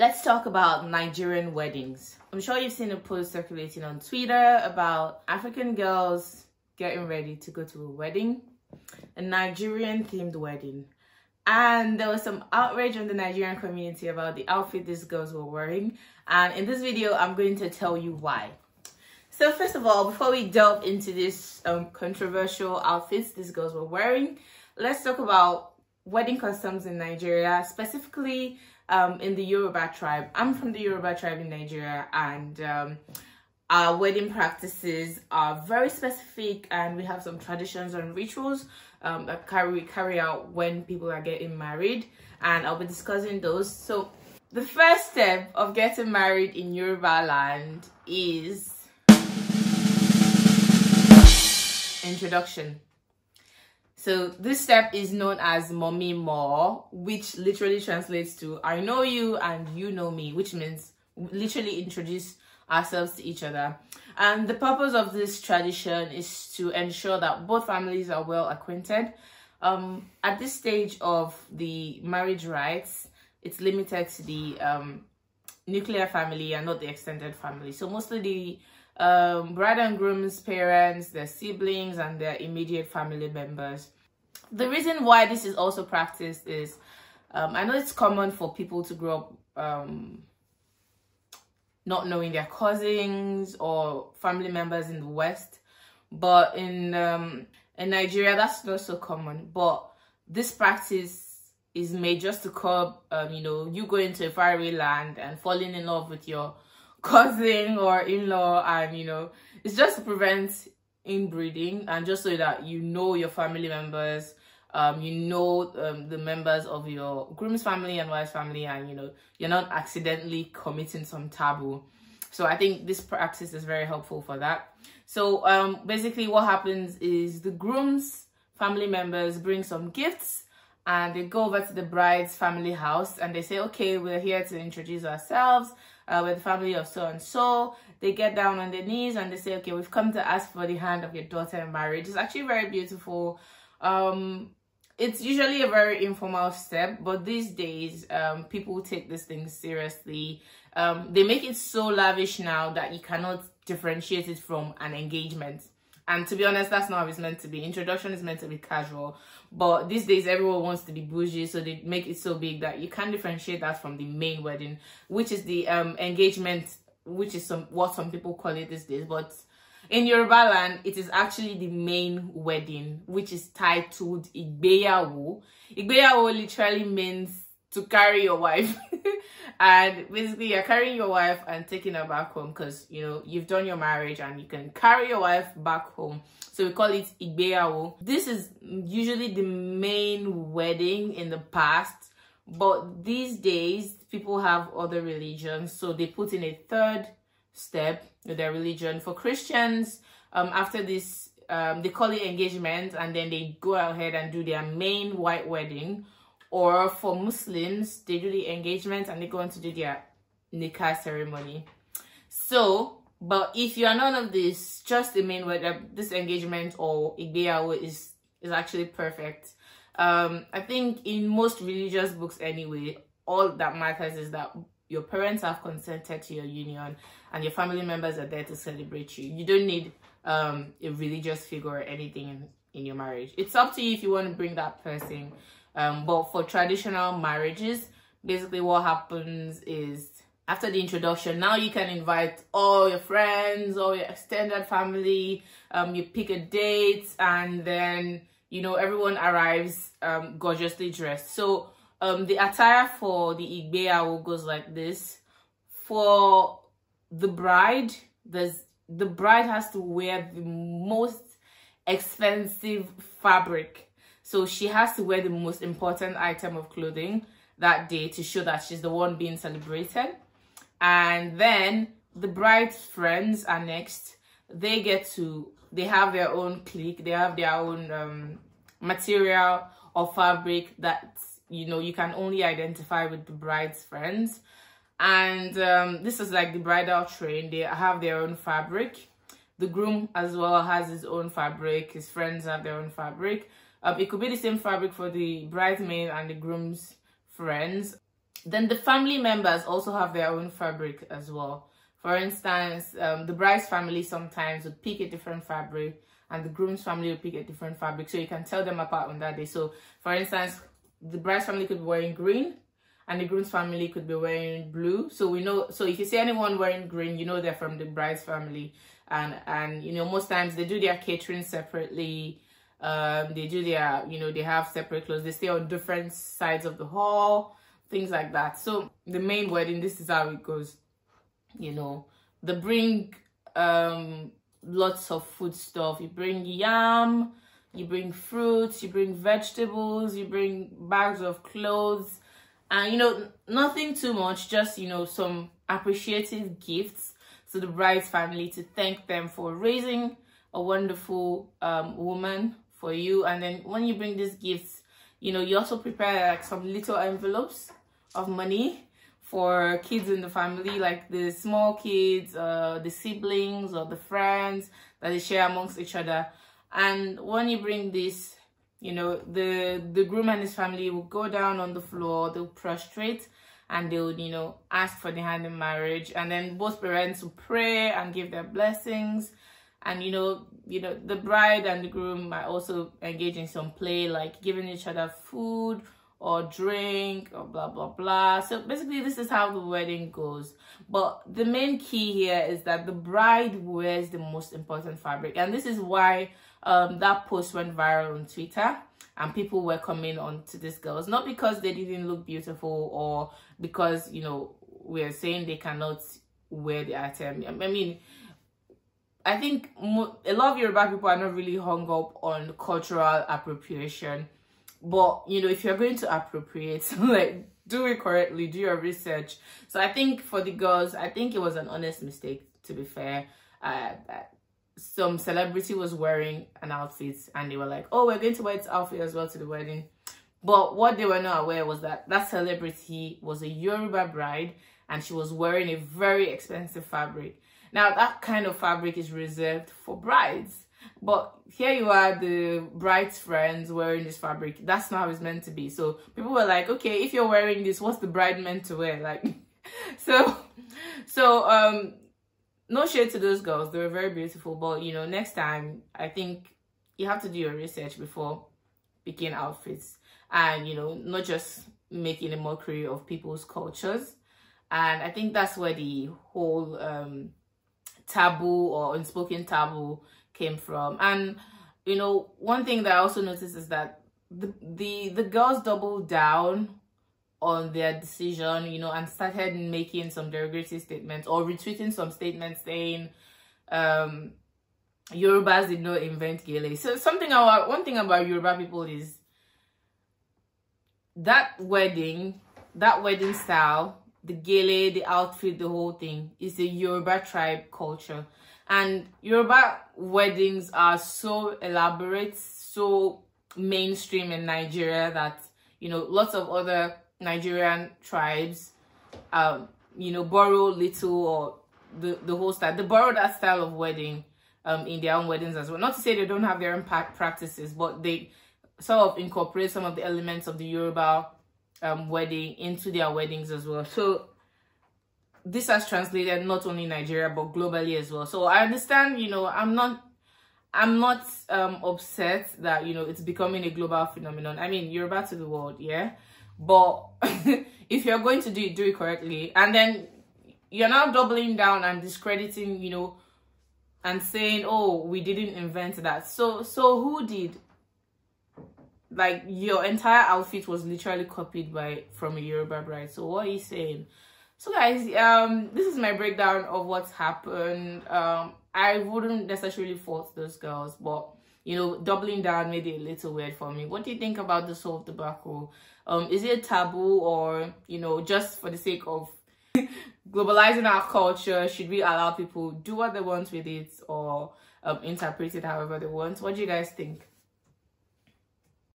let's talk about Nigerian weddings. I'm sure you've seen a post circulating on Twitter about African girls getting ready to go to a wedding, a Nigerian themed wedding. And there was some outrage in the Nigerian community about the outfit these girls were wearing. And in this video, I'm going to tell you why. So first of all, before we delve into this um, controversial outfits these girls were wearing, let's talk about wedding customs in Nigeria, specifically um, in the Yoruba tribe. I'm from the Yoruba tribe in Nigeria and um, our wedding practices are very specific and we have some traditions and rituals um, that carry carry out when people are getting married and I'll be discussing those. So the first step of getting married in Yoruba land is introduction. So this step is known as mommy more, which literally translates to I know you and you know me, which means literally introduce ourselves to each other. And the purpose of this tradition is to ensure that both families are well acquainted. Um, at this stage of the marriage rites, it's limited to the um, nuclear family and not the extended family. So mostly the um, bride and groom's parents, their siblings, and their immediate family members the reason why this is also practiced is um, I know it's common for people to grow up um, not knowing their cousins or family members in the West, but in um, in Nigeria that's not so common. But this practice is made just to curb, um, you know, you going to a fairy land and falling in love with your cousin or in-law, and you know, it's just to prevent inbreeding and just so that you know your family members um, you know um, the members of your groom's family and wife's family and you know you're not accidentally committing some taboo so i think this practice is very helpful for that so um, basically what happens is the groom's family members bring some gifts and they go over to the bride's family house and they say okay we're here to introduce ourselves uh, we're the family of so and so they get down on their knees and they say, okay, we've come to ask for the hand of your daughter in marriage. It's actually very beautiful. Um, it's usually a very informal step, but these days, um, people take this thing seriously. Um, they make it so lavish now that you cannot differentiate it from an engagement. And to be honest, that's not how it's meant to be. Introduction is meant to be casual. But these days, everyone wants to be bougie, so they make it so big that you can't differentiate that from the main wedding, which is the um, engagement which is some what some people call it these days but in Yoruba land, it is actually the main wedding, which is titled Igbeyawo. Igbeyawo literally means to carry your wife. and basically, you're carrying your wife and taking her back home because, you know, you've done your marriage and you can carry your wife back home. So we call it Igbeyawo. This is usually the main wedding in the past. But these days, people have other religions, so they put in a third step with their religion. For Christians, um, after this, um, they call it engagement, and then they go ahead and do their main white wedding. Or for Muslims, they do the engagement and they go on to do their nikah ceremony. So, but if you are none of this, just the main word, uh, this engagement or igbeyawo is is actually perfect. Um, I think in most religious books anyway, all that matters is that your parents have consented to your union and your family members are there to celebrate you. You don't need um, a religious figure or anything in, in, your marriage. It's up to you if you want to bring that person. Um, but for traditional marriages, basically what happens is after the introduction, now you can invite all your friends, all your extended family. Um, you pick a date and then, you know, everyone arrives um, gorgeously dressed. So um, the attire for the Igbeyawo goes like this. For the bride, there's the bride has to wear the most expensive fabric. So she has to wear the most important item of clothing that day to show that she's the one being celebrated. And then the bride's friends are next. They get to, they have their own clique, they have their own um, material or fabric that you know you can only identify with the bride's friends and um, this is like the bridal train they have their own fabric the groom as well has his own fabric his friends have their own fabric um, it could be the same fabric for the bridesmaid and the groom's friends then the family members also have their own fabric as well for instance um, the bride's family sometimes would pick a different fabric and the groom's family will pick a different fabric so you can tell them apart on that day so for instance the bride's family could be wearing green and the groom's family could be wearing blue. So we know, so if you see anyone wearing green, you know they're from the bride's family. And, and you know, most times they do their catering separately. Um, they do their, you know, they have separate clothes. They stay on different sides of the hall, things like that. So the main wedding, this is how it goes, you know. They bring um, lots of food stuff. You bring yam, you bring fruits, you bring vegetables, you bring bags of clothes, and you know, nothing too much, just you know, some appreciative gifts to the bride's family to thank them for raising a wonderful um, woman for you. And then when you bring these gifts, you know, you also prepare like some little envelopes of money for kids in the family, like the small kids, uh, the siblings or the friends that they share amongst each other and when you bring this you know the the groom and his family will go down on the floor they'll prostrate and they'll you know ask for the hand in marriage and then both parents will pray and give their blessings and you know you know the bride and the groom might also engage in some play like giving each other food or drink or blah blah blah so basically this is how the wedding goes but the main key here is that the bride wears the most important fabric and this is why um, that post went viral on Twitter and people were coming on to these girls, not because they didn't look beautiful or because, you know, we're saying they cannot wear the item. I mean, I think a lot of Yoruba people are not really hung up on cultural appropriation. But, you know, if you're going to appropriate, like, do it correctly, do your research. So I think for the girls, I think it was an honest mistake, to be fair. Uh, some celebrity was wearing an outfit and they were like, oh, we're going to wear this outfit as well to the wedding. But what they were not aware was that that celebrity was a Yoruba bride and she was wearing a very expensive fabric. Now, that kind of fabric is reserved for brides. But here you are, the bride's friends wearing this fabric. That's not how it's meant to be. So people were like, okay, if you're wearing this, what's the bride meant to wear? Like, so, so, um, no shade to those girls. They were very beautiful. But, you know, next time, I think you have to do your research before picking outfits. And, you know, not just making a mockery of people's cultures. And I think that's where the whole um, taboo or unspoken taboo came from. And, you know, one thing that I also noticed is that the, the, the girls double down on their decision, you know, and started making some derogatory statements or retweeting some statements saying um, Yorubas did not invent Gele. So something about one thing about Yoruba people is that wedding, that wedding style, the Gele, the outfit, the whole thing is a Yoruba tribe culture. And Yoruba weddings are so elaborate, so mainstream in Nigeria that you know lots of other Nigerian tribes, um, you know, borrow little or the, the whole style. They borrow that style of wedding um, in their own weddings as well. Not to say they don't have their own practices, but they sort of incorporate some of the elements of the Yoruba um, wedding into their weddings as well. So this has translated not only Nigeria, but globally as well. So I understand, you know, I'm not I'm not um, upset that, you know, it's becoming a global phenomenon. I mean, Yoruba to the world, yeah? but if you're going to do it do it correctly and then you're now doubling down and discrediting you know and saying oh we didn't invent that so so who did like your entire outfit was literally copied by from a Yoruba bride so what are you saying so guys um this is my breakdown of what's happened um I wouldn't necessarily fault those girls but you know, doubling down made it a little weird for me. What do you think about the soft tobacco? Um, is it taboo or, you know, just for the sake of globalizing our culture, should we allow people do what they want with it or um, interpret it however they want? What do you guys think?